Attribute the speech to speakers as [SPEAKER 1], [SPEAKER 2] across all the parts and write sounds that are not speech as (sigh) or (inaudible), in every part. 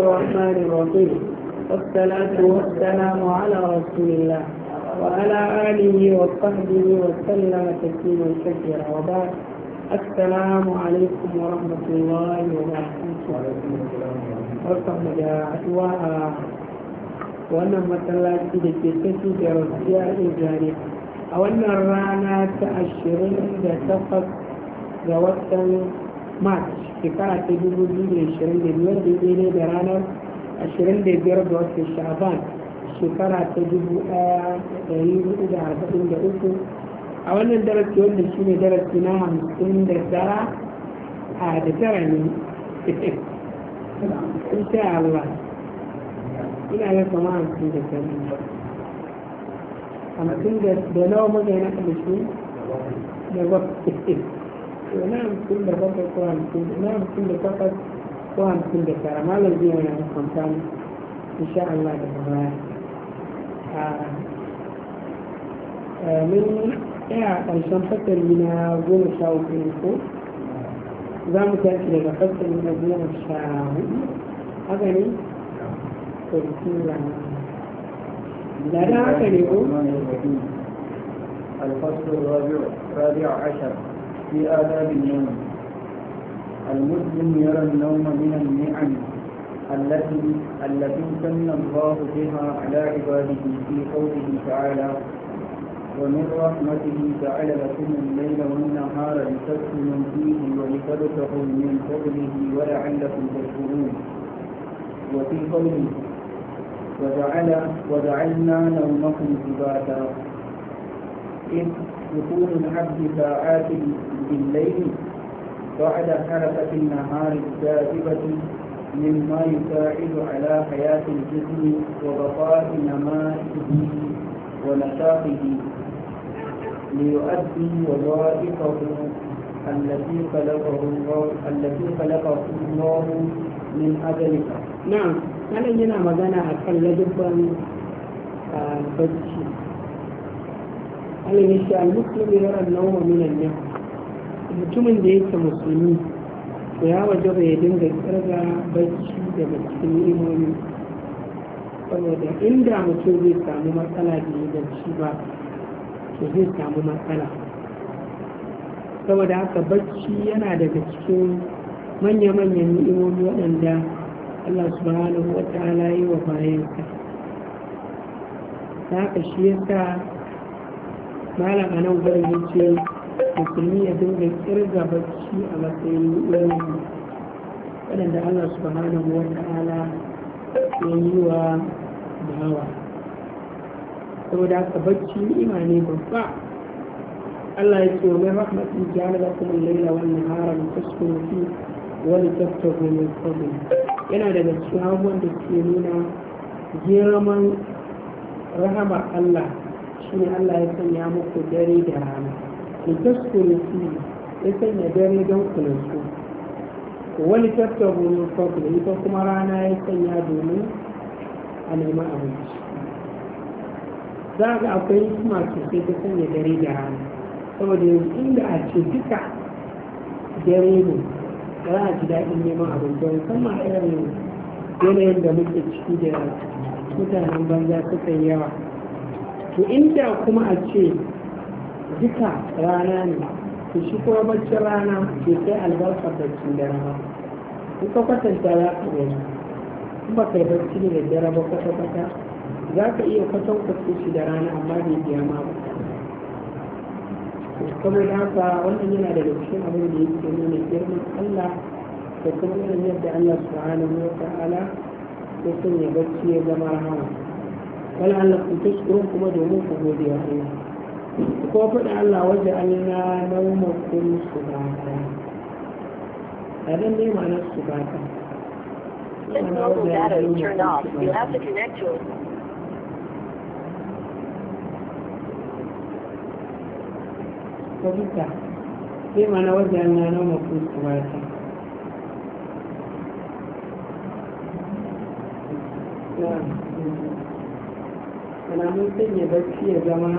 [SPEAKER 1] الرحمن الرحيم والصلاة والسلام على رسول الله وعلى آله وصحبه وسلم تسليما كثيرا وبعد السلام عليكم ورحمة الله وبركاته barkanmu da haɗuwa a wannan masallaci da ke kashi da rasiya ijari a wannan rana ta ashirin da takwas ga watan march shekara ta dubu biyu da ashirin da biyar da daidai da ranar ashirin da biyar ga watan sha'aban shekara ta dubu ɗaya da ɗari hudu da arba'in da uku a wannan darasi wanda shi ne darasi na hamsin da tara a da tara ne (laughs) insha Allah ina ga kama hamsin da tara hamsin da nawa muka na kamar shi da bakwai (laughs) نعم كل بطل ko hamsin na'am kun da takwas ko hamsin da tara malam zai wani hukunta mu insha Allah da baya mun tsaya ƙarshen fasari na goma sha uku ne ko za mu tashi daga fasari na goma sha hudu haka ne to bismillah
[SPEAKER 2] da da haka ne ko الفصل الرابع الرابع عشر في آداب النوم المسلم يرى النوم من النعم التي التي سن الله بها على عباده في قوله تعالى ومن رحمته جعل لكم الليل والنهار لتسكنوا فيه ولتبتغوا من فضله ولعلكم تشكرون وفي قوله وجعل وجعلنا نومكم سباتا إذ يكون العبد ساعات بالليل بعد حركة النهار الجاذبة مما يساعد على حياة الجسم وبقاء نمائه ونشاطه ليؤدي وظائفه التي خلقه الله التي خلقه الله من أجلها.
[SPEAKER 1] نعم، أنا هنا مجانا أتكلم بكم بكشي alayhi ya al-muslimu yara an-nawma min ne mutumin da yake musulmi to ya wajaba ya dinga kirga bacci da cikin imani saboda inda mutum zai samu matsala da ya bacci ba to zai samu matsala saboda haka bacci yana daga cikin manya-manyan ni'imomi waɗanda Allah subhanahu wa ta'ala yi wa bayan ka, ta haka shi yasa malam a nan gudun ya ce musulmi ya dinga kirga bacci a matsayin ilimi waɗanda allah subhanahu wa ta'ala ya yi wa bawa saboda haka bacci ni'ima ne babba allah ya ce wa mai rahmatin jihar da kuma laila wannan haram taskuru fi wani tattago mai fadin yana daga cikin abubuwan da ke nuna girman rahama allah shine Allah ya sanya muku dare da rana ku taskuru fi ya sanya dare don ku Wani wani tattabu min fadli ita kuma rana ya sanya domin a neman abinci za ga akwai hikima sosai ta sanya dare da rana saboda yanzu inda a ce duka dare ne za a ji daɗin neman abinci musamman irin yanayin da muke ciki da mutanen banza suka yi yawa to inda kuma a ce duka rana ne to shi kuma bacci rana ke sai albarkar bacci da rana in ka kwatanta za ka gani in ba kai bacci ne da dare ba kwata-kwata za ka iya kwatankwacin shi da rana amma bai biya ma ba da haka wannan yana da cikin abin da yake nuna girman Allah da kuma yadda Allah subhanahu wa ta'ala ya sanya bacci ya zama rahama ولعلكم تشكرون كما دومون فهودي يا الله وجعلنا نومكم سباتا هذا معنى السباتا This mobile data is turned off. you have to
[SPEAKER 2] connect to it.
[SPEAKER 1] Yeah. ana mun sanya bacci ya zama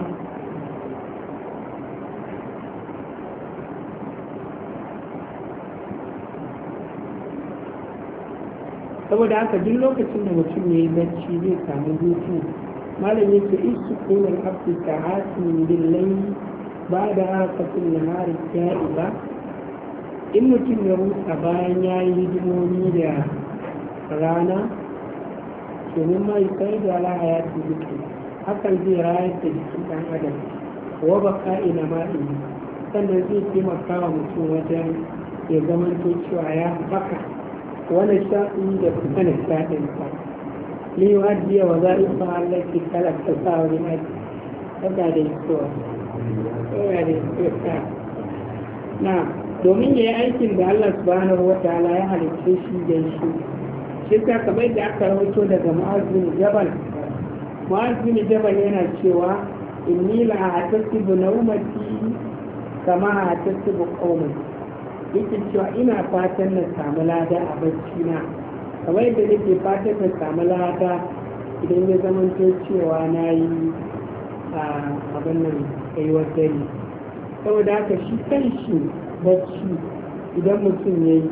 [SPEAKER 1] saboda haka duk lokacin da mutum ya yi bacci zai samu hutu malami ke isu kunan abdu ta hasin dillai ba da haka sun nahari ya ba in mutum ya rusa bayan ya yi hidimomi da rana domin mai sai da lahaya su hakan zai rayar da jikin ɗan adam wa baka ina ma'in sannan zai taimaka wa mutum wajen ya zamanto cewa ya haka wani sha'in da kusa na sha'in sa liyuwaddiya wa ta sa wani sa'uri aji yana da iskowa yana da iskowa Na, domin ya yi aikin da Allah subhanahu wa ta'ala ya halicce shi da shi shi ta kamar da aka rawaito daga ma'azin jabal mu'az bin yana cewa inni la atasibu naumati kama atasibu qaumi yake cewa ina fatan na samu lada a bacci na kamar yadda nake fatan na samu lada idan ya zama cewa na yi abin nan kaiwar dare saboda haka shi kan shi bacci idan mutum ya yi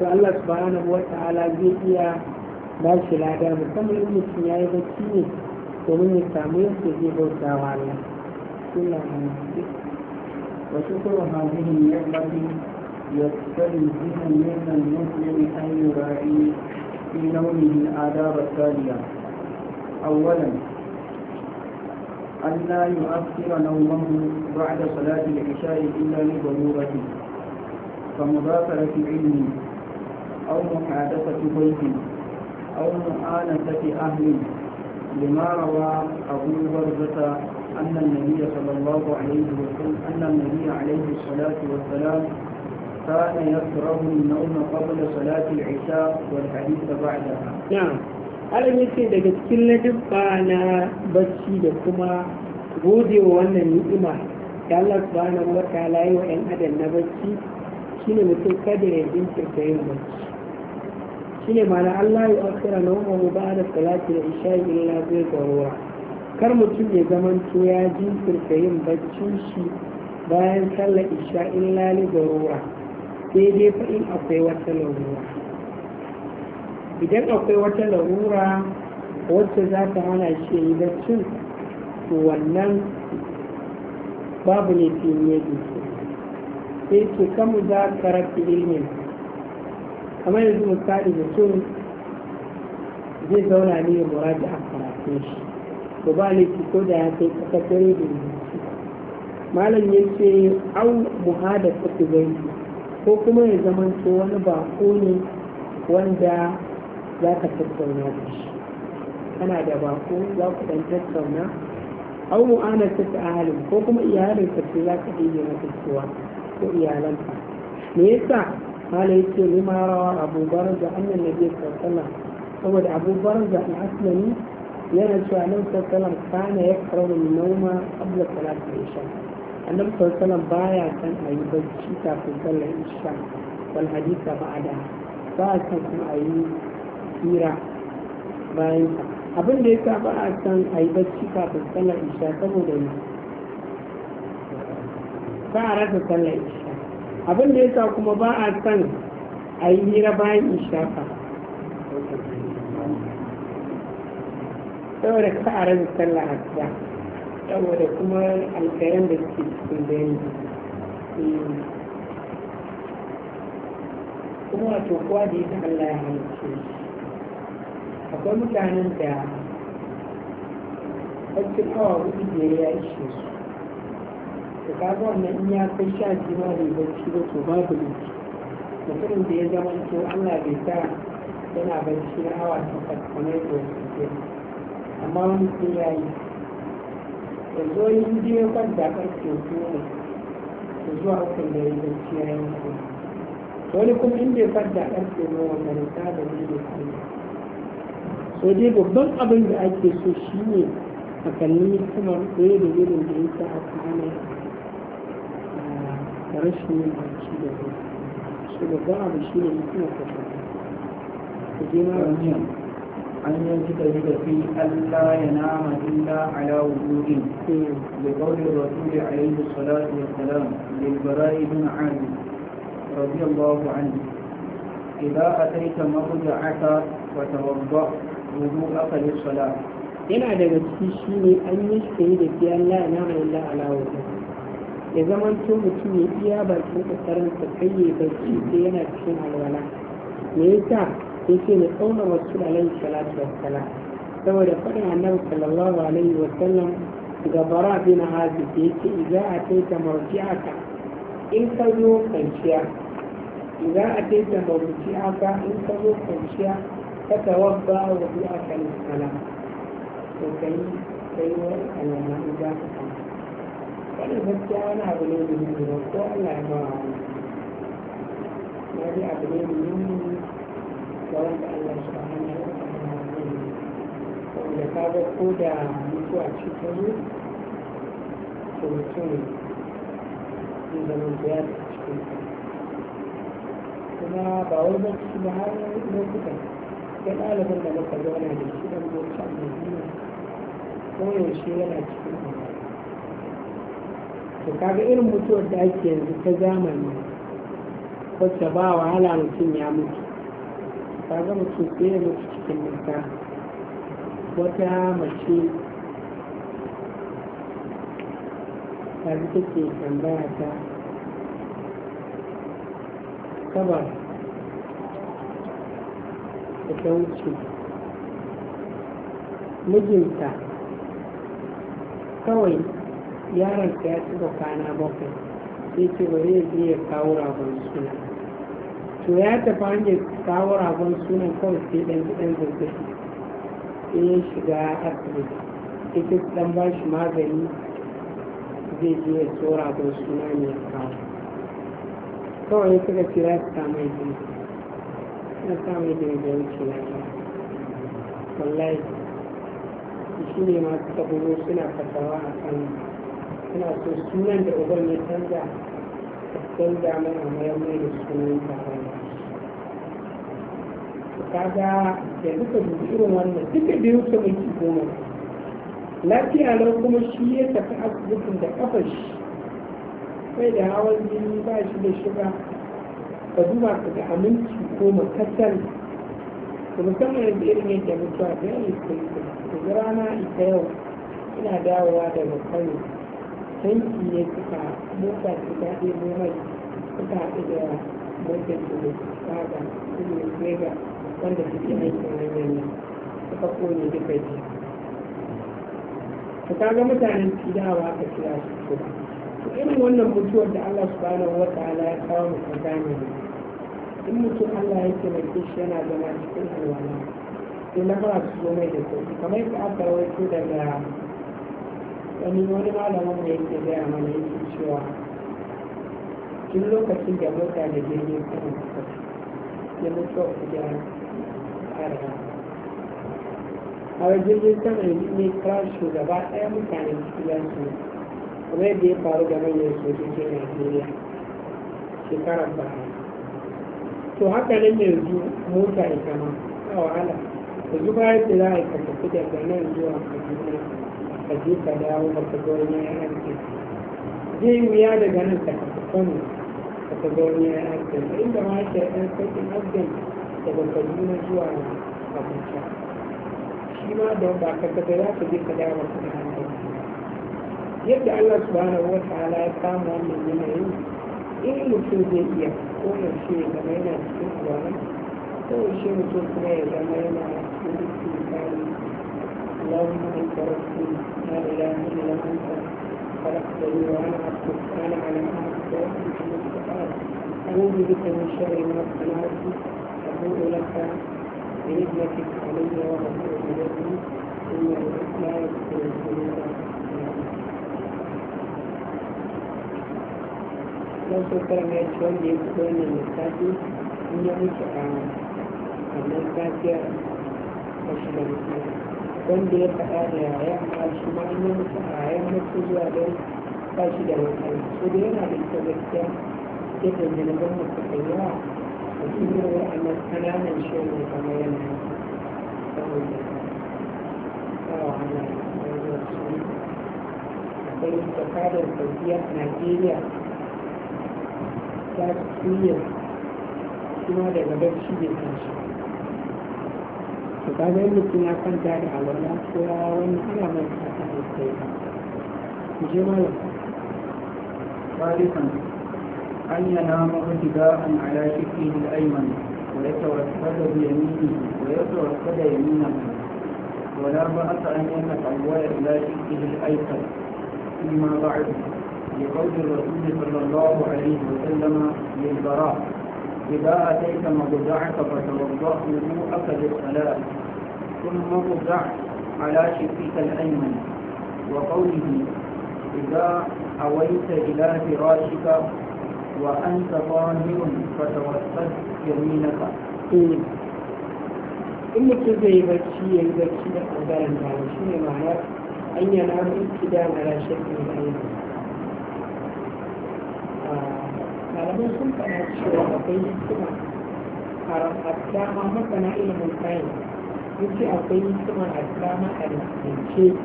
[SPEAKER 1] to Allah subhanahu wa ta'ala zai iya ba shi lada musamman mutum ya yi bacci ne domin ya تجيب yadda zai bauta wa Allah suna
[SPEAKER 2] hanci بها من المسلم أن يراعي في نومه الآداب التالية أولا أن لا يؤخر نومه بعد صلاة العشاء إلا لضرورة كمذاكرة علم أو محادثة بيت أو مؤانسة أهل لما روى أبو بردة أن النبي صلى الله عليه وسلم أن النبي عليه الصلاة والسلام كان يكره النوم قبل صلاة العشاء والحديث بعدها.
[SPEAKER 1] نعم. Alam yace daga cikin ladabba na bacci da kuma gode wa wannan ni'ima da Allah subhanahu wa 'yan adam na bacci shine mutum kada ya jinkirta yin bacci. shine mana Allah ya akhira na wannan ba da salati da isha illa zai ruwa kar mutum ya to ya jinkirta yin baccin shi bayan sallar isha illa li ruwa sai dai fa in akwai wata larura idan akwai wata larura wacce za ta hana shi yi baccin to wannan babu ne fiye da sai ce kamu za ka rafi ilmin kamar yanzu misali mutum zai zauna ne ya mura da a karatu shi to ba ki ko da ya kai kasar dare da rubutu malam ya ce au muhada tafi ko kuma ya zamanto wani bako ne wanda za ka tattauna da shi kana da bako za ku dan tattauna au mu'anar ta ta ahalin ko kuma iyalinka ce za ka ɗige na cewa ko iyalanka me yasa قال يتي لما روى أبو برزة أن النبي صلى الله عليه وسلم saboda abu barza al-aslami yana cewa nan sallam kana ya karo nauma qabla salati isha annabi sallam baya san ayi bacci kafin sallar isha wal hadisa ba'da ba san kuma ayi hira bayan sa abin da yasa ba a san ayi bacci kafin sallar isha saboda ba a rasa sallar isha abin da yasa kuma ba a san a yi hira bayan ishafa saboda ka a rage sallah asuba saboda kuma alkayan da suke cikin dare eh. kuma wato kowa da yake Allah ya halicce akwai mutanen da ɗaukin awa hudu da ya ishe su to kaga wannan in ya kai sha biyu ma bai bacci ba to babu bacci mutumin da ya zama to Allah bai sa yana bacci na awa takwas kamar da wasu amma wani sun yi yanzu wani bidiyo ya kwanta karfe goma da zuwa hukun da ya yi bacci ya yi wani kuma in bai kwanta karfe goma da rika da ne da kuma so dai babban abin da ake so shine a kalli hikimar ɗaya da irin da ya yake a kanan rashin yin aiki da kai shi babban abu shi ne mutum ka ka je ma
[SPEAKER 2] an yanzu da yi tafi Allah ya nama illa ala wujudin da kawai rasuli alaihi salatu wa salam lil bara'i bin ali radiyallahu anhu idza ataita marja'aka fatawadda wudu'aka lis-salah
[SPEAKER 1] yana daga ciki shine an yi da fi Allah ya nama illa ala wujudin ya zama to mutum ya iya bakin kokarin sa kai ya barci sai yana cikin alwala me yasa yake ne kauna wasu alaihi salatu wassalam saboda faɗin annabi sallallahu alaihi wasallam ga bara bin hazib yake kai ataita in ka zo kwanciya idza ataita marji'aka in ka zo kwanciya ka tawabba wa bi'aka lis-salam to kai kai wa alwala wannan gaskiya wani abu ne da muke ba ko Allah ya ba na ji Allah shi ba hana ya ba wanda ka ga ko da mutuwa ce ta zo to mutum zama biya da cikin kuma ba wai ba ba har lokuta ya ɗalibin da muka zauna da shi ɗan bauta yaushe yana cikin to kaga irin mutuwar da ake yanzu ta zamani wacce ba wahala mutum ya mutu kaga mutum sai ya mutu cikin nisa wata mace yanzu take tambaya ta kaba da ta wuce mijinta kawai yaron ta ya cika kwana bakwai sai ce bari ya je ya kawo ragon suna to ya tafi hanyar kawo ragon suna kawai sai dan dan zazzabi sai ya shiga asibiti ita dan ba shi magani zai je ya so ragon suna ne ya kawo kawai ya suka ce za su samu jini na samu jini da wuce lafiya wallahi shi ne masu tabo suna fasawa a kan suna so sunan da uban ya canza a canza mana mayar mai
[SPEAKER 2] da sunan taron
[SPEAKER 1] kaga da duka irin wannan duka biyu ta minti goma lafiya nan kuma shi ya tafi asibitin da kafa shi sai da hawan jini ba shi da shiga ka duba ka ga aminci ko makasar da musamman yanzu irin yadda mutuwa da yanzu ta yi da rana ita yau ina dawowa daga kwanu tanki ne suka mota su ta ɗebo mai suka haɗu da motar su da kaga su ne ga wanda suke aikin hanyar nan suka kone duka ji to kaga mutanen tidawa aka kira su ba to irin wannan mutuwar da Allah su subhanahu wataala ya kawo mu tsakani in mutum Allah ya taimake shi yana zama cikin alwala sai na fara su zo mai da sauki kamar yadda aka rawaito daga wani wani malamin da yake gaya mana yake cewa tun lokacin da mota da jirgin sama suka ya mutu a gyara ƙarfa a jirgin sama yanzu ne crash gaba ɗaya mutane su ya su kamar yadda ya faru da manyan sojojin najeriya shekarar baya to haka nan yanzu mota ita ma a wahala yanzu bayan da za a yi ka tafi daga nan zuwa kaduna a je ka dawo ba ka zo ne yanar gizo zai wuya daga nan ka tafi kano ka ta zo ne yanar gizo inda ma ake ɗan sauƙin daga kaduna zuwa abuja shi ma da ba ka tafi za ka je ka dawo ka na yadda allah subhanahu wa ta'ala ya samu wannan yanayin in mutum zai iya ko ya zama yana cikin tsoron ko yaushe mutum kuma ya zama yana cikin اللهم انت ربي لا اله الا انت خلقتني وانا عبدك وانا على عهدك وعهدك المستقيم اعوذ بك من شر ما صنعت ابوء لك بنعمتك علي وابوء بذنبي انه لا يغفر الذنوب don shekarar ya ci wanda ya fito wannan lissafi in ya wuce a wannan safiyar kashi da lissafi wanda ya faɗa da yaya a shi ma in mutu a yayan mutu zuwa don ba da matsala so yana da ita gaskiya yadda zanaban mutu kai yawa a cikin wa'annan ƙananan shi ne kamar yana saboda ta wahala da zuwa shi akwai jakadar saudiya a najeriya ta turiya kuma daga barci bai tashi to ka ga mutum ya kwanta da alwala ko ya wani ana mai
[SPEAKER 2] ثالثا أن ينام ارتداء على شكله الأيمن ويتوسد بيمينه ويتوسد يمينه ولا بأس أن يتطوع إلى شكله الأيسر فيما بعد لقول الرسول صلى الله عليه وسلم للبراء إذا أتيت مضجعك فتوضأ وجوهك للصلاة ثم مضجع على شفيك الأيمن وقوله إذا أويت إلى فراشك وأنت طاهر فتوسل يمينك
[SPEAKER 1] إن كل ذي بكشي يبكشي لقبال المعرشين معنا أن ينام ابتداء على شكل الأيمن آه. malamai sun faɗa cewa akwai hikima a dama masana ilimin kayan yace akwai hikima a dama a rikicance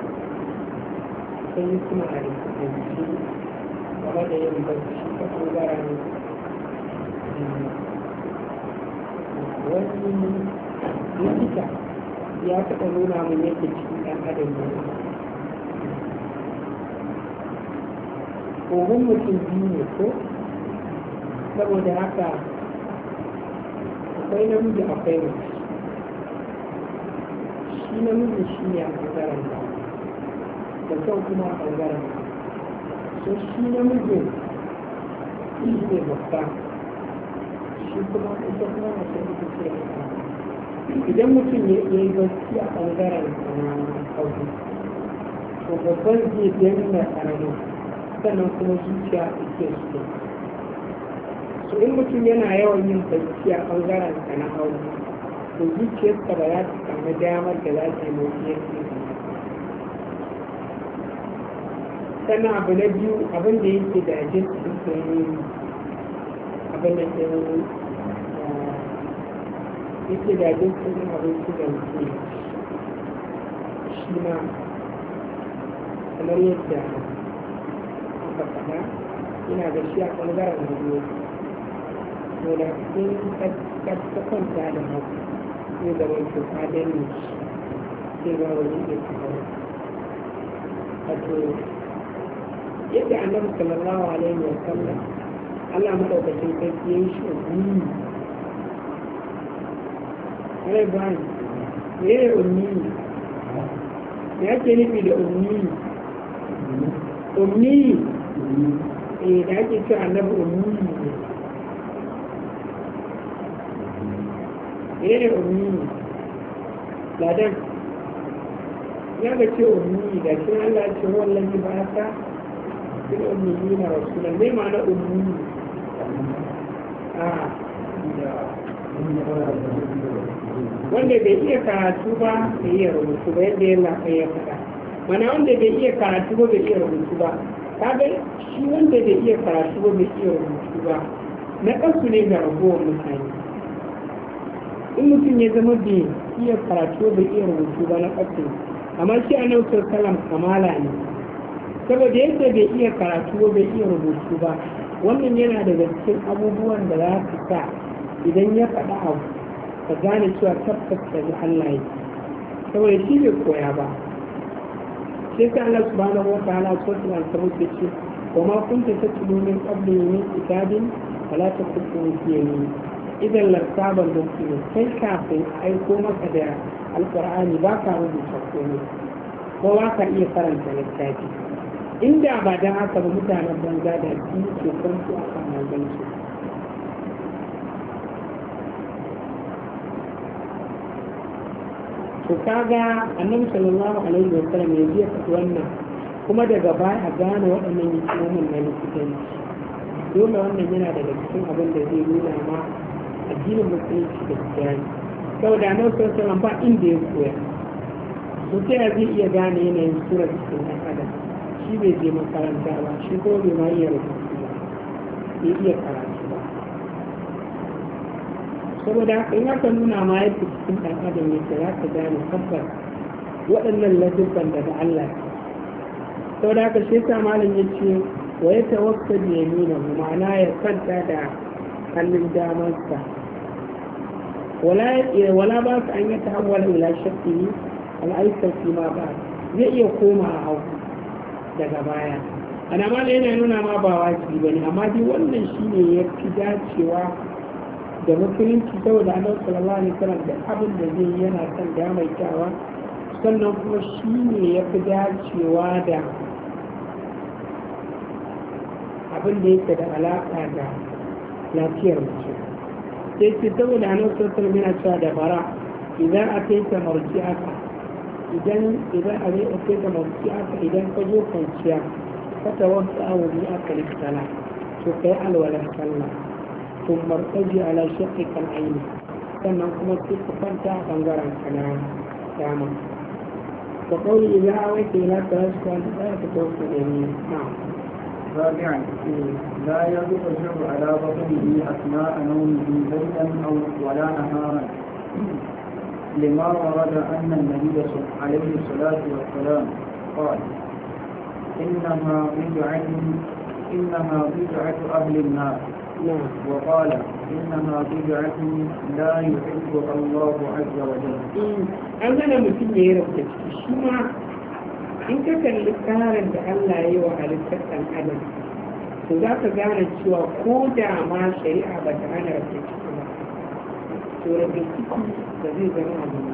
[SPEAKER 1] akwai hikima a rikicance game da yin barci ta ɓangaren eh, wani likita ya taɓa nuna mun yadda cikin ɗan adam ne kogon mutum biyu ne ko saboda haka akwai namiji akwai mace shi namiji shi ne a ɓangaren ba da kyau kuma a ɓangaren ba so shi namiji shi ne babba shi kuma ita kuma mace ita ce idan mutum ya yi barci a ɓangaren kauye eh, to babban zai danna ƙarami sannan kuma zuciya ita ce su to in mutum yana yawan yin bacci a ɓangaren sa na hau to zuciyarsa ba za ta samu damar da za ta yi motsi yake sana abu na biyu abin da yake da ajin sun abin da ke eh, yake da ajin sun su da mutum shi ma kamar yadda aka faɗa ina da shi a ɓangaren da to da in ka kwanta da ka yadda annabi sallallahu alaihi wa sallam Allah madaukakin sarki ya yi shi ummi Allah ni ummi ya ke nufi da ummi ummi eh da ake cewa annabi ummi eh ummi ladan ya ga ce ummi da shi Allah ce wallahi ba ta kin ummi na rasula ne ma na ummi ah wanda bai iya karatu ba bai iya rubutu ba yadda ya lafa ya faɗa mana wanda bai iya karatu ba bai iya rubutu ba kaga shi wanda bai iya karatu ba bai iya rubutu ba na ƙasu ne ga ragowar mutane in mutum ya zama bai iya karatu bai iya rubutu ba na ƙasa amma shi a nan kalam kamala ne saboda yadda bai iya karatu bai iya rubutu ba wannan yana daga cikin abubuwan da za su sa idan ya faɗa a ka gane cewa tabbas da ji Allah saboda shi bai koya ba sai sai Allah subhanahu wa ta'ala suratul al-kabut ya ce wa ma kunta tatlu min qabli min kitabin fala ta fi yamin idan lartabar da su kai kafin aiko maka da alkur'ani ba ka rubuta komai ko ba ka iya karanta littafi inda ba don haka ba mutanen banza da su ke kwanci a kan maganci to kaga annabi sallallahu alaihi wa sallam ya biya faɗi wannan kuma daga baya a gane waɗannan hikimomin na likitanci dole wannan yana daga cikin abin da zai nuna ma addinin musulunci da kirani saboda a nan sun ba inda ya koya mutum ya zai iya gane yanayin surar jikin ɗan adam shi bai je makaranta ba shi kuma bai ma iya rubutu ba bai iya karatu ba saboda haka in aka nuna ma yadda cikin ɗan adam yake za ka gane tabbas waɗannan ladubban daga Allah saboda haka shi yasa malam ya ce wa ya ya nuna, ma'ana ya kanta da hannun damansa wala wala ba su an yi tahawwala ila shafi al'aikar fi ma ba zai iya koma a hau daga baya ana ma yana nuna ma ba wajibi bane amma dai wannan shine ya fi dacewa da musulunci saboda annabi sallallahu alaihi wasallam da abin da zai yana kan damaitawa sannan kuma shine ya fi dacewa da abin da yake da alaka da lafiyar mace sai ce saboda annabi sallallahu alaihi yana cewa da fara idan kai ta marci aka idan idan abin akai ta marci aka idan ka zo kwanciya ka tawassa a wuri aka liktala to kai alwalar sallah to martaji ala shaqqi kan aini sannan kuma sai ka kwanta a bangaren kana dama وقولي إذا أويت إلى ta فلا تتوكل يمين
[SPEAKER 2] نعم رابعا لا يضطجع على بطنه أثناء نومه ليلا أو ولا نهارا لما ورد أن النبي عليه الصلاة والسلام قال إنها بدعه إنها بدعه أهل النار نعم. وقال إنها بدعه لا يحبها الله عز وجل.
[SPEAKER 1] عندنا مثل يرى السمع in ka kalli tsarin da Allah ya yi wa halittar ɗan adam to za ka gane cewa ko da ma shari'a ba ta hana rafe ciki ba to rafe ciki ba zai zama abu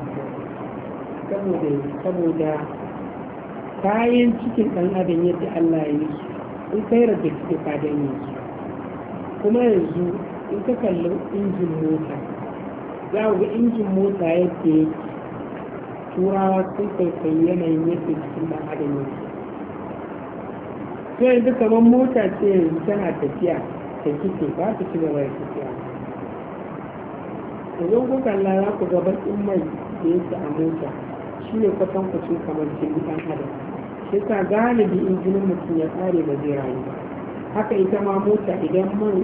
[SPEAKER 1] saboda saboda kayan cikin ɗan adam yadda Allah ya yi in kai rafe ciki ka danye su kuma yanzu in ka kalli injin mota za ga injin mota yadda yake turawa sun kwaikwayi yanayin yake cikin ɗan adam yake sai yanzu kamar mota ce yanzu tana tafiya ta kike ba ta ci gaba da tafiya idan ku kalla za ku ga bakin mai da yake a mota shi ne kwatan kamar jirgin ɗan adam shi ta galibi injinin mutum ya tsare ba zai rayu haka ita ma mota idan man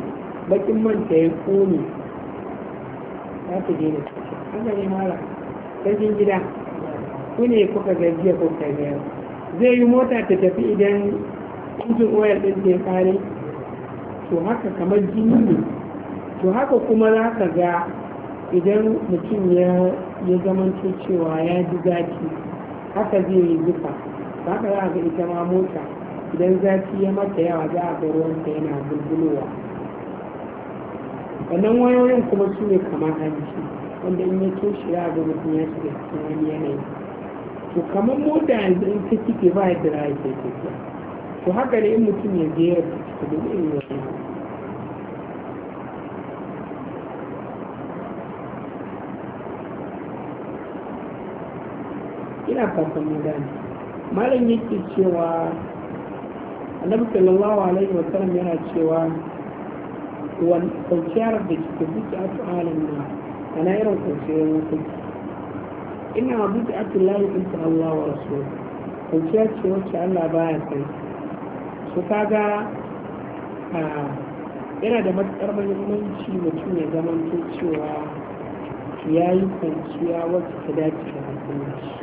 [SPEAKER 1] bakin man ta ya kone za ta daina tafiya haka ne mara sarkin gida ku ne kuka gajiya ko ka gaya zai yi mota ta tafi idan injin oil ɗin ke kare to haka kamar jini ne to haka kuma za ka ga idan mutum ya zama cewa ya ji zaki haka zai yi zufa ba ka za ga ita ma mota idan zaki ya mata yawa za a ga ruwanta yana bulbulowa wannan wayoyin kuma su ne kamar hanci wanda in ya toshe ya ga mutum ya shiga cikin wani yanayi to kamar mota yanzu in ta cike ba yadda na ake ke to haka ne in mutum ya je ya cike da zai yi ina fasan mu gane malam yake cewa annabi sallallahu alaihi wa sallam yana cewa wani kwanciyar da ke zuciya su halin na ana irin kwanciyar mutum. ina buɗe abdullahi ɗinsa Allah wa rasu kwanciya ce wacce Allah baya ya san su kaga yana da matuƙar mahimmanci mutum ya zama to cewa ya yi kwanciya wacce ta dace da mutunci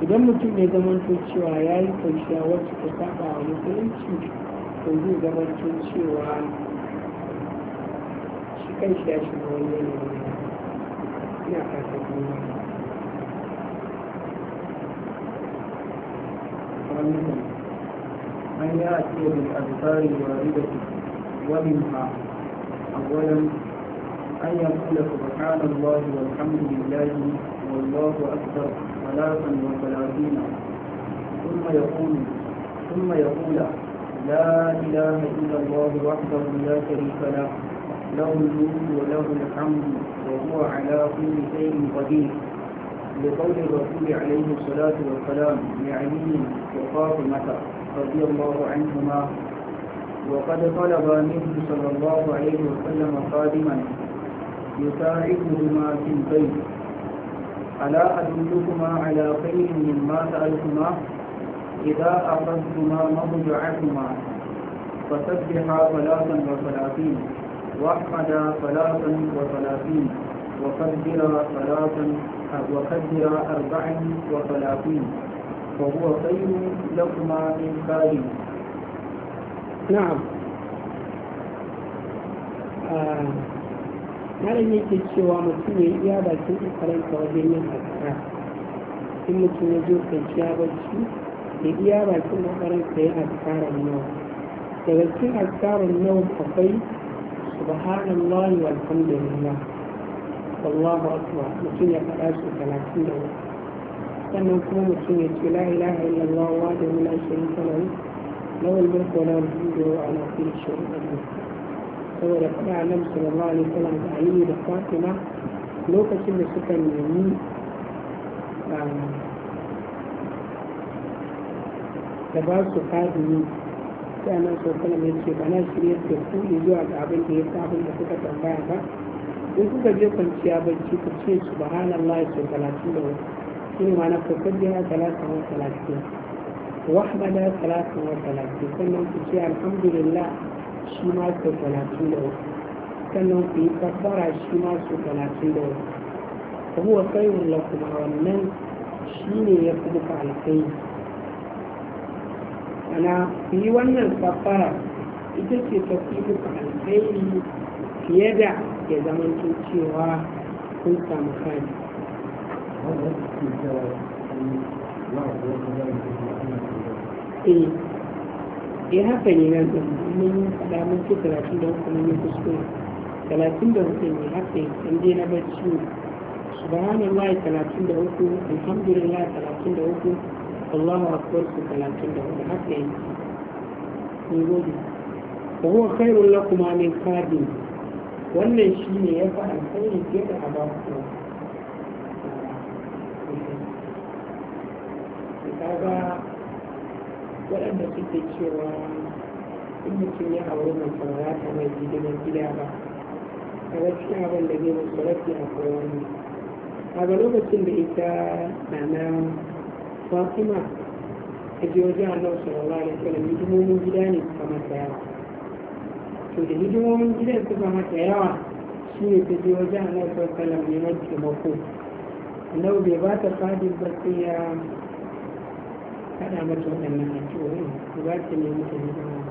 [SPEAKER 1] idan mutum ya zama to cewa ya yi kwanciya wacce ta saba wa mutunci to zai zama to cewa shi kan shi ya shiga wani yanayi ina fata kuma
[SPEAKER 2] منكم من يأتي بالأذكار الواردة ومنها أولا أن يقول سبحان الله والحمد لله والله أكبر ثلاثا وثلاثين ثم يقول ثم يقول لا إله إلا الله وحده لا شريك له له الملك وله الحمد وهو على كل شيء قدير لقول الرسول عليه الصلاة والسلام لعلي وفاطمة رضي الله عنهما وقد طلب منه صلى الله عليه وسلم خادما يساعدهما في البيت ألا أدلكما على خير مما سألتما إذا أخذتما مضجعكما فسبحا ثلاثا وثلاثين واحمدا ثلاثا وثلاثين وقدرا ثلاثا وقدر أربع وثلاثين فهو خير لكما من خالي نعم
[SPEAKER 1] malam yake cewa mutum ya iya bakin ƙoƙarinsa wajen yin azkara in mutum ya zo kwanciya bacci ya yi iya bakin ƙoƙarinsa ya azkaran nawa daga cikin azkaran nawa akwai subhanallahi alhamdulillah. والله أكبر مكين يقلاش ثلاثين دولة كان نكون مكين لا إله إلا الله وحده لا شريك له له الملك وله الحمد وهو على كل شيء قدير هو أعلم صلى الله عليه وسلم تعليم بفاطمة لو كان سكن يمين تباسو قادمي كان صلى الله عليه وسلم يتشيب أنا شريك كفو يجوع تعبين في التعبين بفكرة الله in kuka je kwanciya bacci ku ce subhanallah sau talatin da wasu shi ne mana ku kaddara talatin wa talatin wahmada talatin wa talatin sannan ku ce alhamdulillah shi ma su talatin da wasu sannan ku yi kafara shi ma su talatin da wasu abuwa khairun kuma wannan shi ne ya fi muka alkai ana ku yi wannan kafara ita ce ta fi muka alkai fiye da ya zama cewa kun samu kari eh, eh haka ne na mun faɗa mun ce talatin da hukun mun kuskure talatin da hukun ne haka yi je na bacci subhanallah talatin da uku alhamdulillah talatin da uku allahu akbar su talatin da haka yi kun gode wa huwa khairul lakuma min kadin wannan shi ne ya fi alfahari fiye da a ba ku ba waɗanda suke cewa in mutum ya auri mace ba ta mai gidan gida ba a cikin abin da zai musu rafi a kowani a ga lokacin da ita nana fatima a ji a annabi sallallahu alaihi wasallam gida ne kamar da yawa to da hidimomin gidan suka mata yawa shi ne ta jiwa jan na sallallahu alaihi wasallam neman taimako annabi bai ba ta fadi ba sai ya faɗa mata waɗannan addu'o'in ku ba ta ne mata hidimomin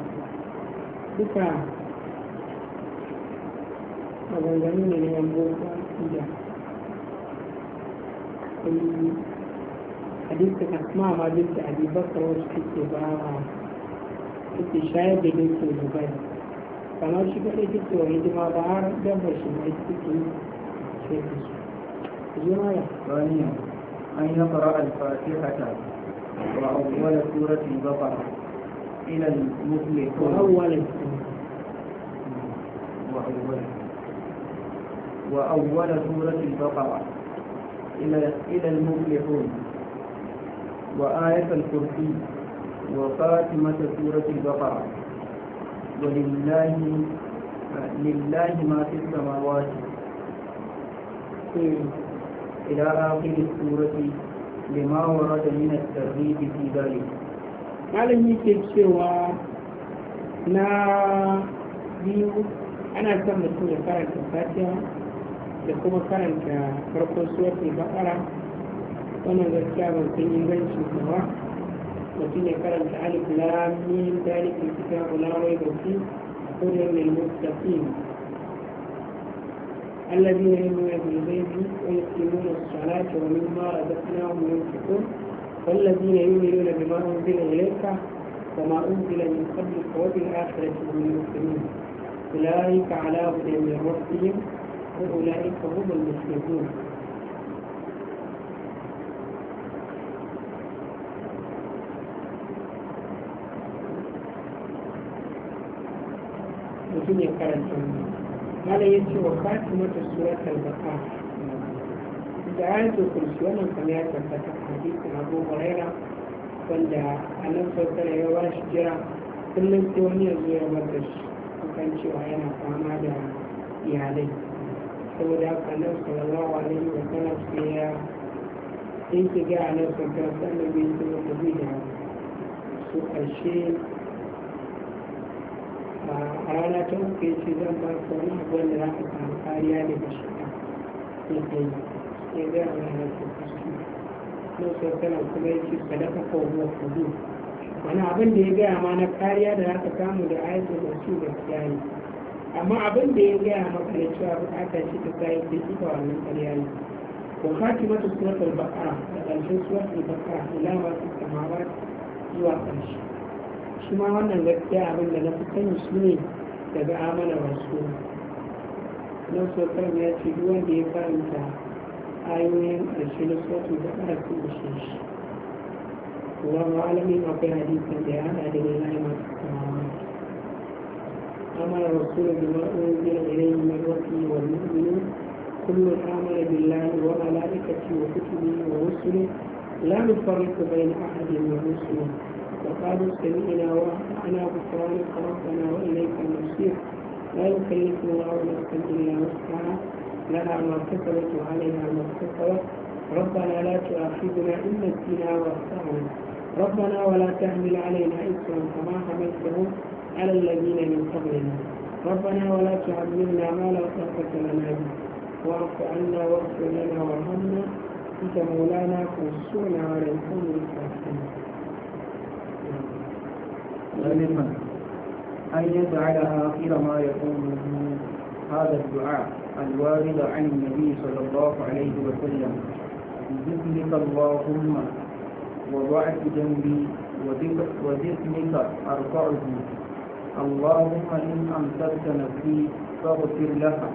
[SPEAKER 1] duka a maganganu ne na yan boko akida hadisin kuma ma bin da abubakar wasu take ba take shayar da dinkin zubai kamar shi kaɗai take ما hidima ba har
[SPEAKER 2] dabbar shi ma ita take yi أن يقرأ الفاتحة وأول سورة البقرة إلى المفلح وأول وأول وأول سورة البقرة إلى إلى المفلحون وآية الكرسي وخاتمة سورة البقرة ولله لله ما في السماوات إلى آخر السورة لما ورد من الترغيب في ذلك
[SPEAKER 1] malami ke cewa na biyu ana son mutum ya karanta fatiha da kuma karanta farkon suwatin bakara wannan gaskiya ban san ingancin mutum كلام karanta لا lam ذلك الكتاب لا ريب فيه هدى للمتقين الذين يؤمنون بالغيب ويقيمون الصلاة ومما رزقناهم ينفقون والذين يؤمنون بما أنزل إليك وما أنزل من قبلك وبالآخرة هم المسلمون أولئك على هدى من ربهم وأولئك هم المفلحون mutum ya karanta mana ya ce wa kati mata suratul baka da ayatul kursi wannan kamar ya tabbata na abu huraira wanda annabi sallallahu ya ba shi jira kullum sai wani ya zo ya bata shi kan cewa yana fama da iyalai saboda haka nan sallallahu alaihi wa sallam sai ya sai nan ga sannan bai yi wa wata bai da su ƙarshe a rana ta uku ya ce zan ba ka wani abu wanda za ka samu kariya da daga shi ya kai ya ga a ranar ta kusa so sosana kuma ya ce sadaka ko ruwa kudu wani abin da ya gaya ma na kariya da za ka samu da ayatul rasul da kiyaye amma abin da ya gaya ma na cewa bukata shi ta sai ta shi ba wannan kariya ne wa fatimatu suratul baqara da ƙarshen suratul baqara ila ma samawat zuwa ƙarshe shi ma wannan gaskiya abin da na fi sani shi ne daga amana wasu nan sokar ya ce duk wanda ya karanta ayoyin ƙarshe na sautin da ƙara su ishe shi kuma malamin akwai hadisin da ya hada da ne na yi masu kamawa amara wasu da bima unzila ilayhi min rabbihi wal mu'minun kullun amana billahi wa malaikatihi wa kutubihi wa rusulihi la nufarriqu bayna ahadin min rusulihi وقالوا سمعنا وأطعنا غفرانك ربنا وإليك المصير لا يكلف الله نفسا إلا وسعها لها ما كسبت وعليها ما اكتسبت ربنا لا تؤاخذنا إن نسينا وأخطأنا ربنا ولا تحمل علينا إثرا كما حملته على الذين من قبلنا ربنا ولا تحملنا ما لا طاقة لنا به واعف عنا واغفر لنا وارحمنا أنت مولانا فانصرنا على القوم الكافرين
[SPEAKER 2] غالبا أن يجعلها آخر ما يكون هذا الدعاء الوارد عن النبي صلى الله عليه وسلم بذكرك اللهم وضعت جنبي وذكرك أرفعه اللهم إن أمسكت نفسي فاغفر لها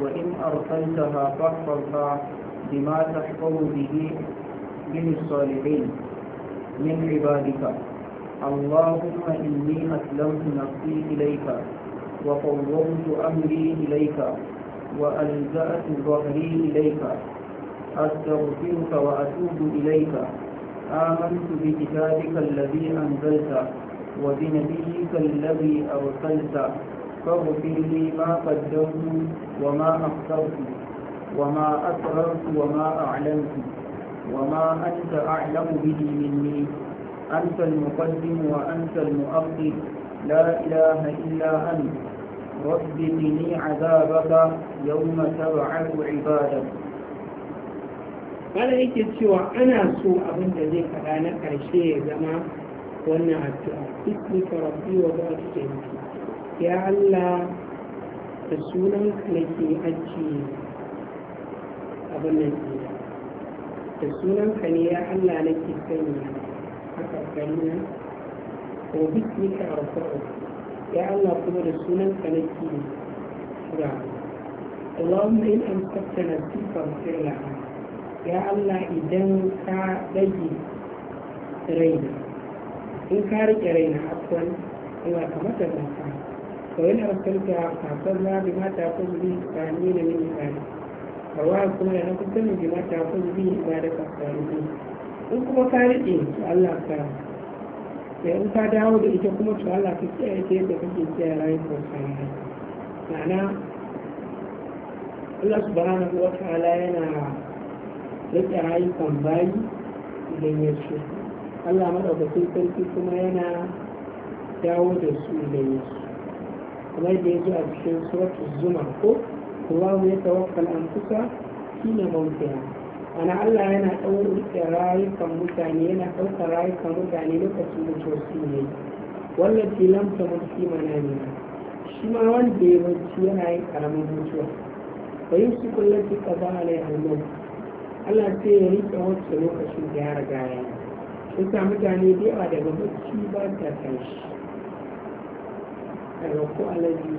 [SPEAKER 2] وإن أرسلتها فاحفظها بما تحفظ به من الصالحين من عبادك اللهم إني أسلمت نفسي إليك وفوضت أمري إليك وألجأت ظهري إليك أستغفرك وأتوب إليك آمنت بكتابك الذي أنزلت وبنبيك الذي أرسلت فاغفر لي ما قدمت وما أخطرت وما أسررت وما أعلنت وما أنت أعلم به مني أنت المقدم وأنت المؤخر لا إله إلا أنت رب قني عذابك يوم تبعث عبادك
[SPEAKER 1] قال yake cewa ana so abin da zai faɗa na ƙarshe ya zama wannan addu'a ismi ka rabbi wa ba su ya Allah da sunan nake ajiye da ka ne ya Allah sanya aka ganin to duk ni ka rafa ya Allah kuma da sunan ka na ke shiga Allahumma in an tattana sifar sirla ya Allah idan ka rage raina in ka rike raina akwai ina ka mata zafa to yana rafarka kafin na bi mata kun bi nuna min ka ne kuma da na kusa min bi mata ba da kafin in kuma ka riƙe to Allah ka da in ka dawo da ita kuma to Allah ka kiyaye ta yadda kake kiyaye rayuwar sana ma'ana Allah subhanahu wa ta'ala yana riƙe rayukan bayi idan ya ce Allah madaukakin sarki kuma yana dawo da su idan ya ce kamar da ya zo a cikin suratul zuma ko Allah ya tawakkal anfusa shine mawtiya ana Allah yana ɗaukar rayukan mutane yana ɗaukar rayukan mutane lokacin mutuwar su ne wannan filan ta mutu mana ne shi ma wanda ya bacci yana yin karamin mutuwa bayan su kullaci ka ba a lai almau Allah sai ya rike wacce lokacin da ya riga ya yi sa mutane da yawa daga bacci ba ta tashi daga ko alaji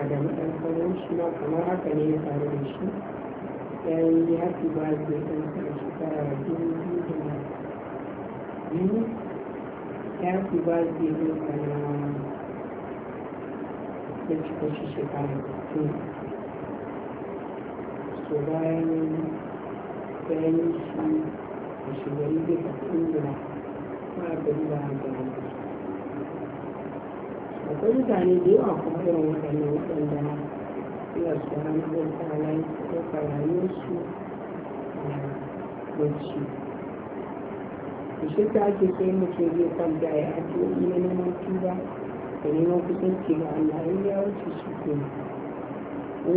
[SPEAKER 1] a da maɗan shi ma kamar haka ne ya faru da shi ya yi happy birthday ɗin sa da shekara da dubu biyu da na biyu happy birthday ɗin sa na da cika shi shekara da biyu so bayan bayan shi da shugari da ta kungila da da hankali akwai mutane da yawa kuma irin waɗannan waɗanda lafiyar su hannun ta rayuwarsu bacci shirka ake sai mutum zai kwanta ya addu'o'i na neman tuba da neman kusanci ga Allah in ya wuce shi ke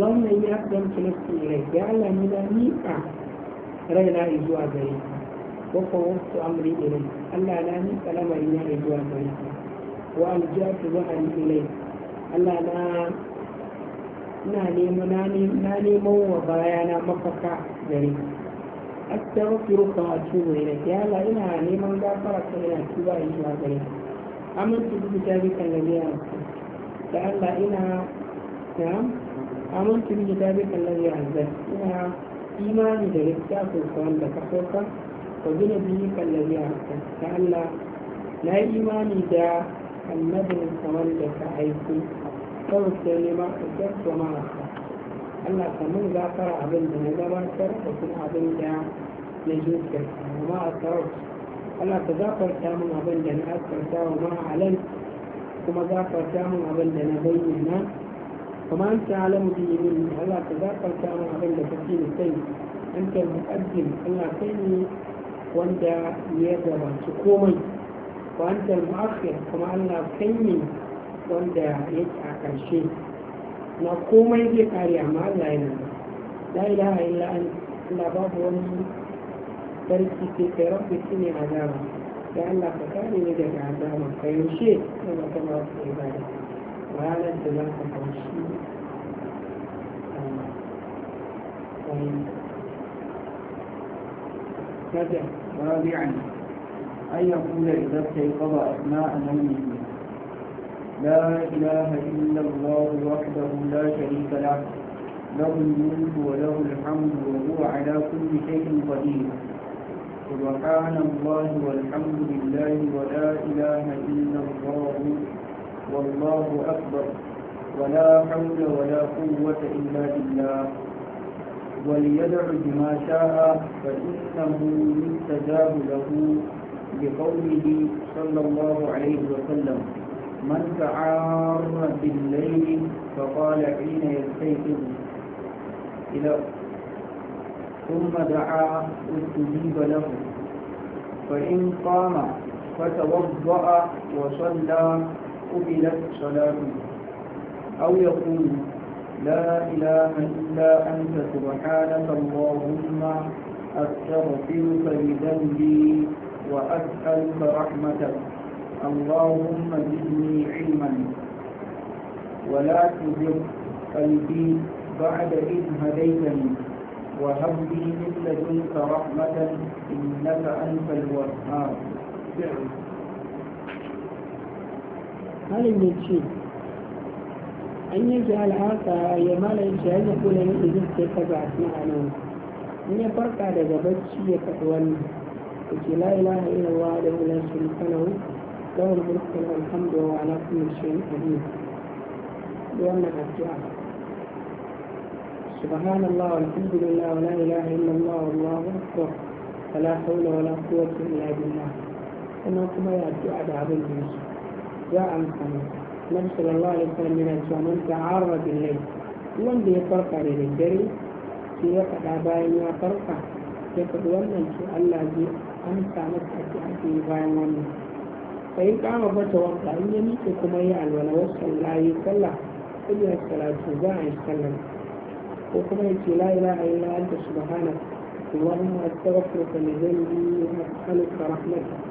[SPEAKER 1] wannan ya zanta na tsirai ya Allah ni na miƙa raina zuwa gare ka ko kuma wasu amri ilai Allah na miƙa lamarin ya zuwa gare ka wa aljatu wa ilai Allah na na neman wa baya na mafaka gare astaghfiruka wa atubu ilayk ya Allah ina neman gafara ka ina tuba in zuwa gare ka amintu bi kitabika alladhi anzalta da Allah ina na'am amintu bi kitabika alladhi anzalta ina imani da littafin ka wanda ka sauka ka gina biyu kallabi a da Allah na yi imani da annabin kamar da ka aiki kan sai nema ka kyakkyau marasa Allah ka mun gafara abin da na gabatar da kuma abin da na jinkirta amma a sarauta Allah ka gafarta min abin da na askarta wa ma'alan kuma gafarta min abin da na bayyana kuma an ta alamu biyu min Allah ka gafarta min abin da kake ni kai an ta muqaddim Allah kai ne wanda ya gabaci komai wa an ta mu'akhir kuma Allah kai ne wanda yake a ƙarshe na komai zai kare amma Allah yana la ilaha illa an Allah babu wani sarki sai kai rabbi shine azaba ya Allah ka kare ni daga azaba ka yaushe kuma ka ba ku ibada ranar da za ka kaushi
[SPEAKER 2] رابعا أن يقول إذا استيقظ أثناء نومه لا إله إلا الله وحده لا شريك له له الملك وله الحمد وهو على كل شيء قدير سبحان الله والحمد لله ولا إله إلا الله والله أكبر ولا حول ولا قوة إلا بالله وليدع بما شاء فإنه يستجاب له بقوله صلى الله عليه وسلم من تعار في الليل فقال حين يستيقظ إلى ثم دعا استجيب له فإن قام فتوضأ وصلى قبلت صلاته أو يقول لا إله إلا أنت سبحانك اللهم أستغفرك لذنبي وأسألك رحمتك اللهم زدني علما ولا تزغ قلبي بعد إذ هديتني وهب لي من لدنك رحمة إنك أنت الوهاب
[SPEAKER 1] halin ya ce an yanke alhaka ya malayin shi ya kula na izin sai ka ga asma a nan in ya farka daga barci ya kaɗi wannan da ke da wula shirka lahu له الملك وله الحمد وهو على كل شيء قدير بأن الدعاء سبحان الله والحمد لله ولا إله إلا الله والله أكبر ولا حول ولا قوة إلا بالله إنه كما يدعى دعاء بالناس جاء محمد النبي صلى الله عليه وسلم من الزمن تعرض إليه wanda ya farka da daddare sai ya faɗa bayan ya farka ya faɗi wannan ce Allah zai amsa masa ake ake bayan wannan sai kama bata wanka in ya miƙe kuma ya alwala wasu layi sallah kullum salatu za a yi sallah ko kuma ya ce la ilaha illa anta subhanaka allahumma astaghfiruka min dhanbi wa as'aluka rahmatak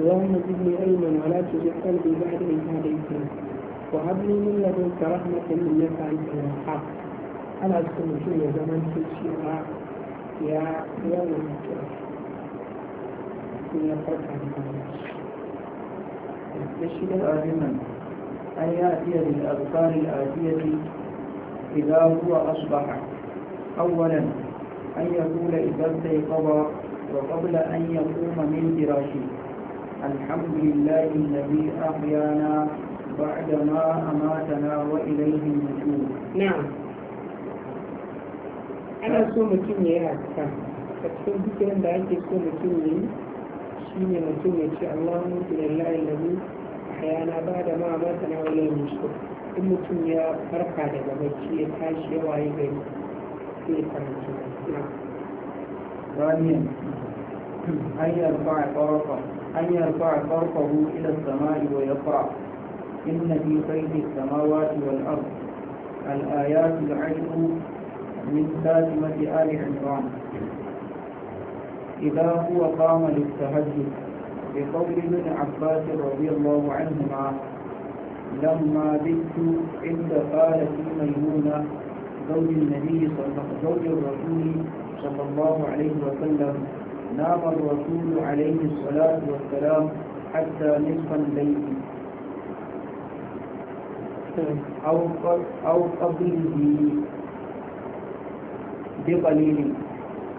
[SPEAKER 1] اللهم زدني علما ولا تزغ قلبي بعد إذ هديتني وهب لي rahmatan لدنك رحمة إنك أنت الوهاب أنا أذكر شو يا زمان في الشيعة يا يا من
[SPEAKER 2] يا فرحة يستشهد آدما أن يأتي بالأذكار الآتية إذا هو أصبح أولا أن يقول إذا استيقظ وقبل أن يقوم من فراشه الحمد لله الذي أحيانا بعدما أماتنا وإليه النشور نعم
[SPEAKER 1] أنا أصوم مكين يا أكثر فكتب ذكرا بأيك سوى مكين shi ne mutum ya ce Allahumma lillahi ladhi ba da ma ta wa ilayhi nushur in mutum ya farka daga bacci ya tashi ya waye gari sai ya karanta
[SPEAKER 2] na ثانيا أن يرفع طرفه أن يرفع طرفه إلى السماء ويقرأ إن في خير السماوات والأرض الآيات العشر من خاتمة آل عمران إذا هو قام للتهجد بقول ابن عباس رضي الله عنهما لما بت عند خالتي ميمونة زوج النبي صلى زوج الرسول صلى الله عليه وسلم نام الرسول عليه الصلاة والسلام حتى نصف الليل أو أو قبله بقليل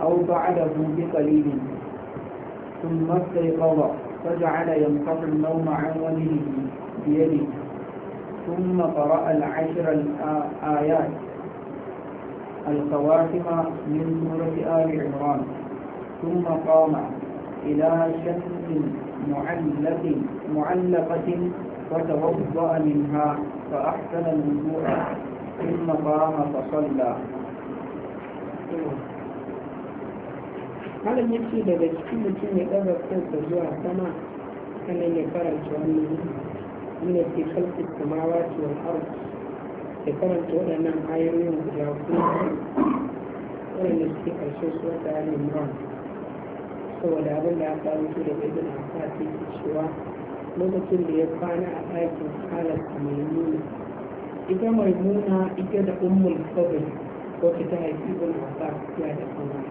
[SPEAKER 2] أو بعده بقليل ثم استيقظ فجعل ينقض النوم عن وجهه بيده ثم قرأ العشر الآيات الخواتم من سورة آل عمران ثم قام إلى شمس معلق معلقة فتوضأ منها فأحسن الوضوء ثم قام فصلى
[SPEAKER 1] malam ya ce daga cikin mutum ya ɗaga kansa zuwa sama sannan ya karanta wannan inda ke kalfi samawa ce wal arz ya karanta waɗannan ayoyin guda kuma waɗanda suke ƙarshen su wata ya nemi saboda abin da aka rubuta daga ibn abbas yake cewa lokacin da ya kwana a ɗakin halarta idan ita nuna ita da ummul fadl ko ta haifi ibn abbas ya da kama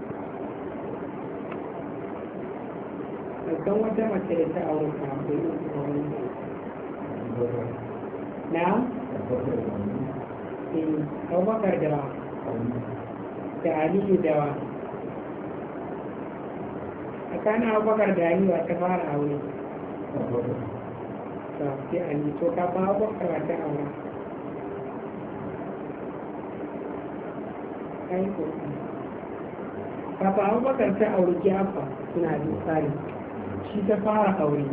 [SPEAKER 1] babban wata mace da ta aure ta ko na? Eh, abubakar da da Ali da wa a kana abubakar da wa ta fara aure ta ke aliyu to ka ba da ta aure ka ba abubakar ta aure ki afa suna da tsari shi ta fara aure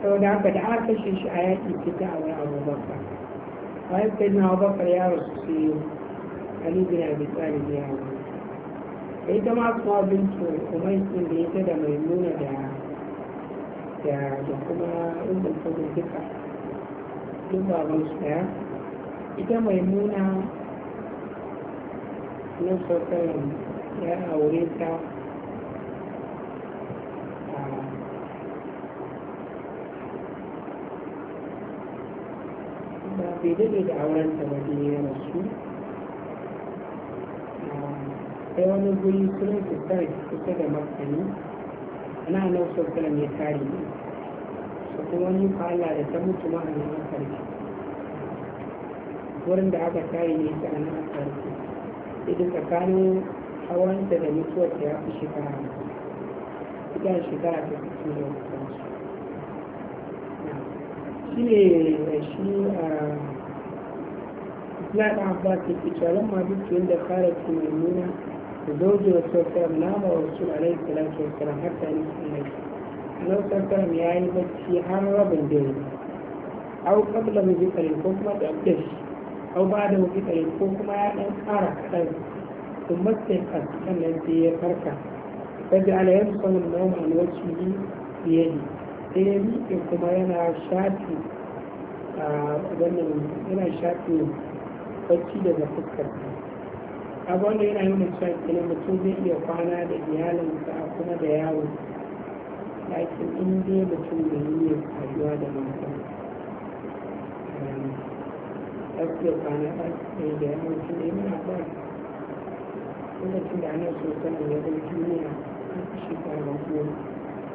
[SPEAKER 1] saboda haka da aka kashe shi a yaƙi ce ta aure abubakar bayan sai na abubakar ya rasu sai ali bin abi talib ya hau da ita ma kuma bintu umai sun da ita da mai nuna da da kuma umar fadin duka duk baban su daya ita mai nuna na sauƙarin ya aure ta bai dai da auren ta ba ne ya rasu sai wani guri sunan kusa kusa da makani ana nan sosalam ya kare ne su kuma wani Allah da ta mutu ma a nan karfi wurin da aka kare ne ta a nan karfi ita tsakanin hawanta da mutuwar ta ya fi shekara ita shekara ta fito da wata Eh, shi ne shi a na ɗan abbas ya ce cewa lamma duk yadda fara ke nuna da zauji wa sassaram na ma wasu alaihi salatu wa salam har tare su ne nan ya yi bacci har rabin dare au kabla mu zikari ko kuma da abdash au ba da mu zikari ko kuma ya ɗan ƙara kaɗan sun matsayin ƙasa sannan sai ya farka kaji ala yanzu sanin nau'in wasu yi sai ya kuma yana shafi a wannan yana shafi bacci daga fuskar yana yin cewa kenan zai iya kwana da iyalinsa kuma da yawo lakin in dai mutum da yi ne saduwa da mata ɗaukiyar ehm, kwana ɗaya da yawo shi ne ba da ana duniya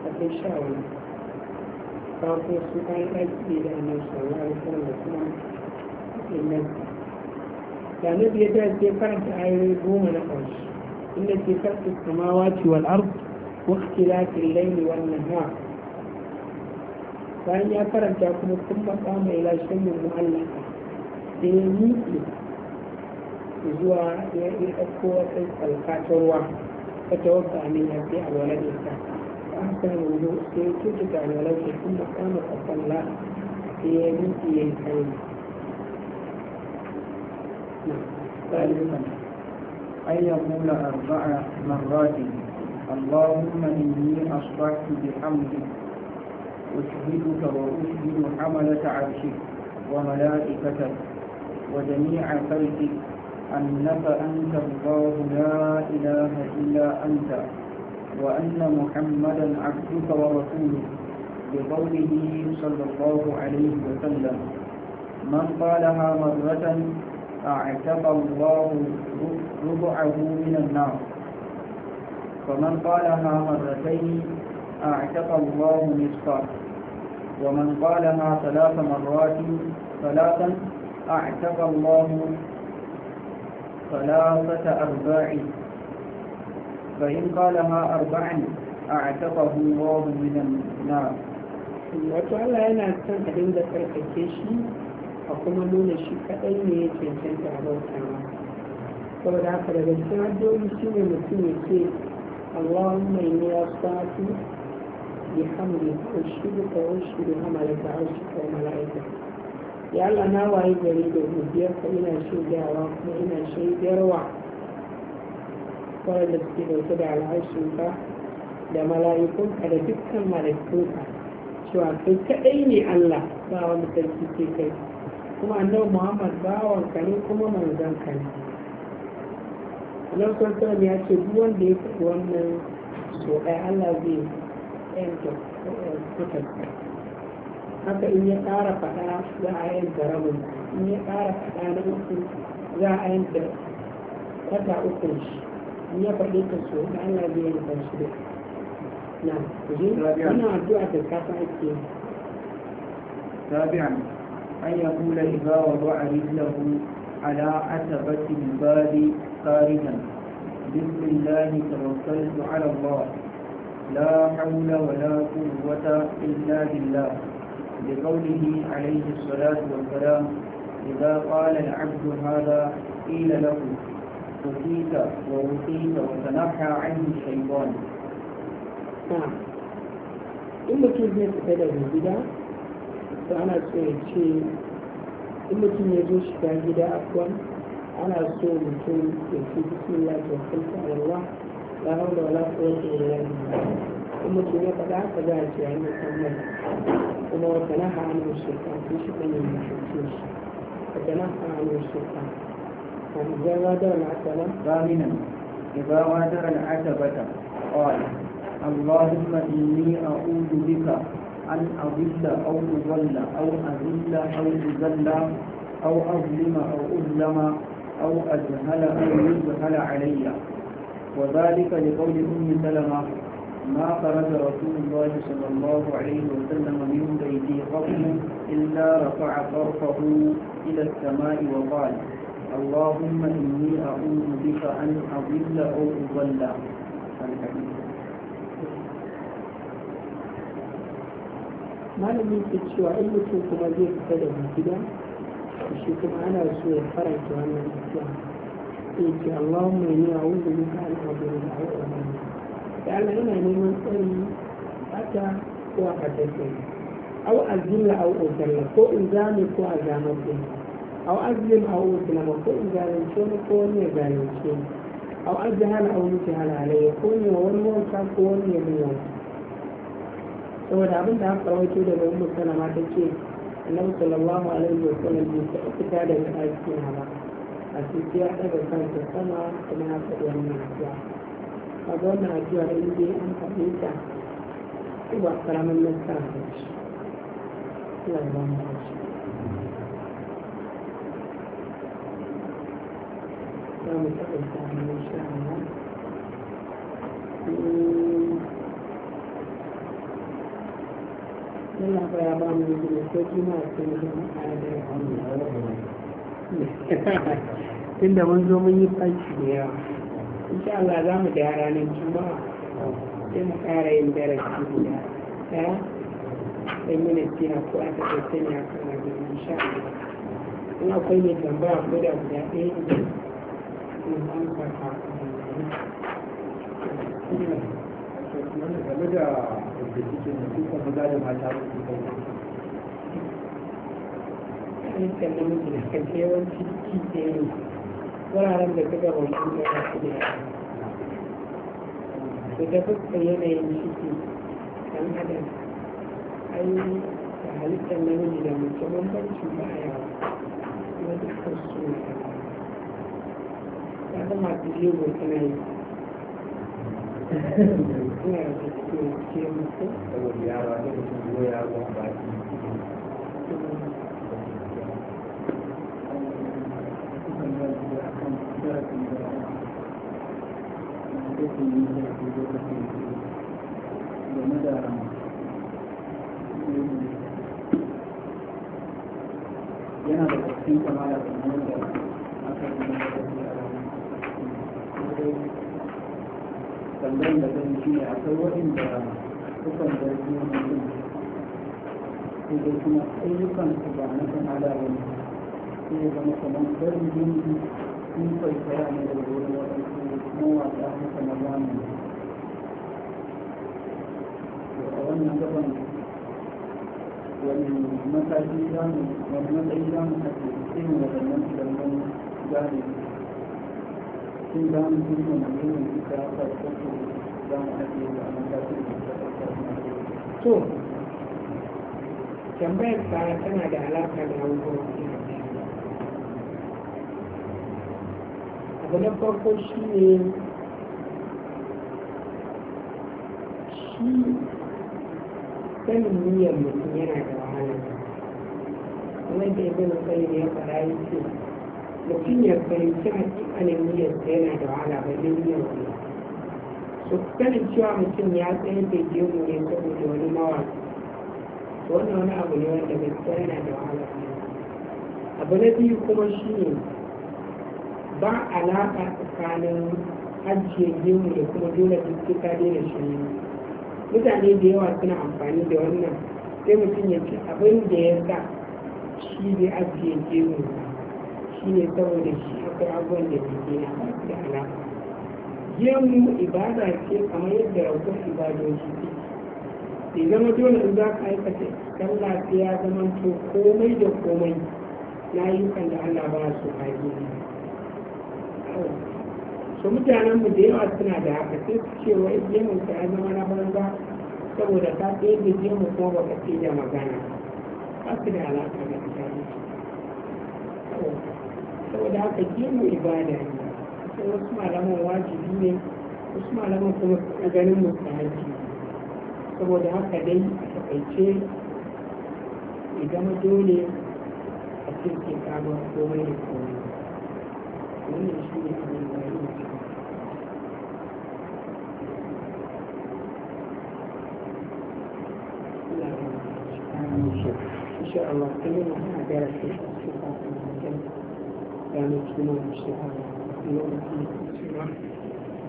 [SPEAKER 1] a kai sha farko su an aiki da annan sallallahu alaihi wasallam da kuma inganci da nabi ya dace karanta ayoyi goma na ƙarshe inda ke karfi samawati wal ard wa ikhtilafil layli wannan nahar bayan ya karanta kuma kun matsa mai lashen mu mu'allaka da ya miƙe zuwa ya ɗauko wata tsalkatarwa ta tawagga amina sai alwalar ta أحسن الوضوء سيكتك عن ولوك ثم قام لا في
[SPEAKER 2] يمين نعم. الحين أن يقول أربع مرات اللهم إني أشركت بحمدك أشهدك وأشهد حملة عرشك وملائكتك وجميع خلقك أنك أنت الله لا إله إلا أنت وأن محمدا عبدك ورسولك بقوله صلى الله عليه وسلم من قالها مرة أعتق الله ربعه من النار ومن قالها مرتين أعتق الله نصفه ومن قالها ثلاث مرات ثلاثا أعتق الله ثلاثة أرباعه فإن قالها أربعا أعتقه الله من النار وتعالى أنا أكثر بعدين ذكر
[SPEAKER 1] أكيشي أقوم أدون الشيء كأي ميت ينسان تعالى فبدا أخرى بلسان عدو يسيني مكيني كي اللهم إني أصدعك بحمد أشهدك أشهد حملك عرشك وملائكك يا الله ناوى إذا ريدو مديرك إنا شيء دي عراق شيء دي روح waɗanda suke dauke da alharshinka da mala'ikunka da dukkan mala'ikunka cewa kai kaɗai ne Allah ba wani sarki ke kai kuma annabi Muhammad bawanka ne kuma manzanka ne Allah sallallahu ya ce duk wanda ya fi wannan so ɗaya Allah zai yanke kutarsa haka in ya ƙara faɗa za a yi yanka rabin in ya ƙara faɗa na uku za a yanka kwata ukun shi هي تحليل تسويق مع ان ربيع
[SPEAKER 2] نعم تجي؟ انا ارجو على تسعه وعشرين رابعا ان يقول اذا وضع رجله على عتبة الباب قارنا بسم الله توكلت على الله لا حول ولا قوة إلا بالله لقوله عليه الصلاة والسلام إذا قال العبد هذا قيل له أوتيت وأوتيت وتنحى عنه الشيطان
[SPEAKER 1] in mutum zai fita daga gida to ana so ya ce in mutum ya zo shiga gida akwai ana so mutum ya ce bismillah ta kulta Allah la hawla wala quwwata illa billah in mutum ya faɗa haka za a ce ya yi kuma an
[SPEAKER 2] shi shi an إذا غادر العتبة ثامنا إذا غادر العتبة قال اللهم إني أعوذ بك أن أضل أو أضل أو أذل أو أذل أو أظلم أو أظلم أو أجهل أو يجهل علي وذلك لقول أم سلمة ما خرج رسول الله صلى الله عليه وسلم من بيته قبل إلا رفع طرفه إلى السماء وقال اللهم إني أعوذ بك أن أضل أو أضل
[SPEAKER 1] malamin ke cewa in mutum kuma zai fita da gida shi kuma ana so ya faranta wannan gaskiya sai ce Allahumma inni a'udhu ka an abudu da ayyuka da Allah yana neman tsari ata ko a haddace au azilla au uzalla ko in zame ko a zamar au azlim au muslima ko in zalunce ni ko ne ko wani ya min wanka saboda abin da aka rawaito daga ummu salama ta ce annabi sallallahu ba a cikin ya ɗaga kansa sama kuma ya faɗi wannan ta za taɓa samun sha yana fara ba mu yi a cikin tun da mun zo mun yi fashi da yawa insha Allah za mu da ranar juma'a sai mu ƙara yin darasi guda ɗaya ɗan yi na ko kan abin insha Allah akwai mai tambaya ko da guda ɗaya
[SPEAKER 2] game da rikicin da suka maza da mata su
[SPEAKER 1] kai kan da mutu da yawanci ki ɗaya ne wuraren da suka bambu da masu da da ta fuska yanayin ciki ɗan adam an yi da halittar namiji da mutum bambancin ba a yawa kuma dukkan su ne yana
[SPEAKER 2] da cikin kamar da tambayin da zan shi ne akwai sukan mutum sai dai kuma ayyukan su ba na kan halaye sai ya zama kamar barin sun ne da waɗansu na zamani a wannan gaban wani mataki zamu wani matsayi zamu waɗannan to tambayar tsara tana da
[SPEAKER 1] alaƙa da abubuwan abu na farko shi ne shi sanin niyyar mutum yana da wahala kuma da ibn qayyim ya fara yake mutum ya fahimci hakikanin niyyarsa yana da wahala ba ne niyyar wani su sanin cewa mutum ya tsaye da gemu ne saboda wani mawa wannan wani abu ne wanda gaskiya yana da wahala abu na biyu kuma shi ne ba alaƙa tsakanin ajiye gemu da kuma dole dukkan daina shi mutane da yawa suna amfani da wannan sai mutum ya ce abin da ya sa shi bai ajiye gemu ba shi ne saboda shi akwai abubuwan da jiki na ba da alaƙa yin mu ibada ce kamar yadda rabuwar ibadoji bai zama dole in za ka aikata kan lafiya zaman to komai da komai na yi kan da Allah ba su ne so mutanen mu da yawa suna da haka sai su ce wa gemun ka ya zama na banza saboda ta tsaye da mu kuma baka ce da magana ba su da alaƙa da ita ne saboda haka gemu ibada ne sai wasu malaman wajibi ne wasu malaman kuma suna ganin mustahaji saboda haka dai a takaice ya zama dole a cikin kama komai da komai wannan shi ne abin da ya yi إن شاء الله كلنا هنا درس كانت من الشهر يوم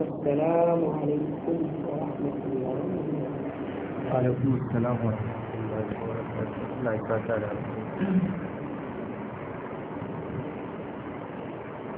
[SPEAKER 1] السلام عليكم ورحمة الله
[SPEAKER 2] وبركاته. وعليكم السلام ورحمة الله وبركاته. الله يبارك